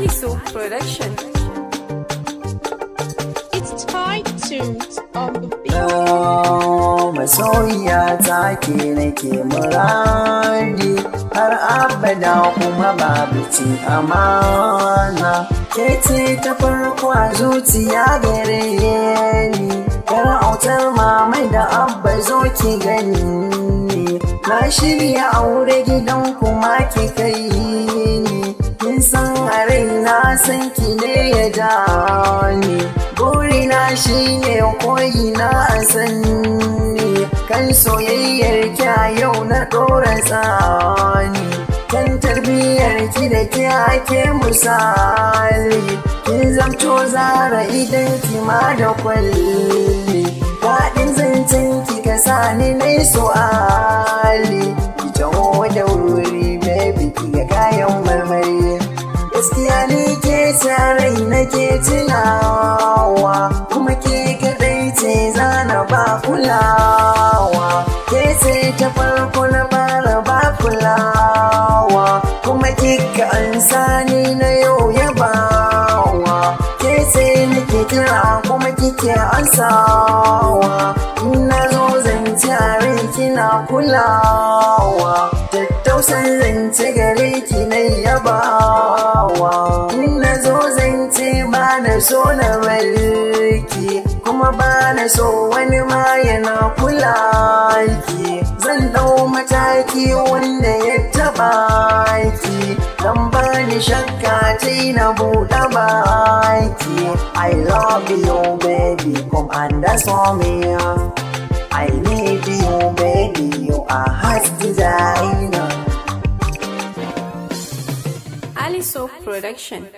Aliso Production. It's time tunes on the beat. Oh, ke nake muradi har abada kuma babu ci amana. Ke ce ta farko a zuciya gare ni, kar autar mamai da abba zo ki gani. Na shirya aure gidan kuma ki kai ni, kin san na san ki ne ya da ni burina shi ne koyi na san ni kan soyayyar a yau na ɗora tsani kan tarbiyyar ki da ke ake misali kin zamto zara idan ki ma da kwalli daɗin zancen ki ka sani su a. da sarai nake tunawa kuma ke kadai ce zana ba kulawa ke ce ta farko na bara ba kulawa kuma kika an sani na yau yabawa ke ce nake kira kuma kike ansawa na zo zance a kina kulawa tattausan zance ga zan yabawa na zo zan ce ba na so na maliki kuma ba na so wani ma yana kula ki zan dau mataki wanda ya taba ki dan ba ni shakka ce na buɗa baki I love you baby come understand me I need you baby you are heart's desire Soap Production.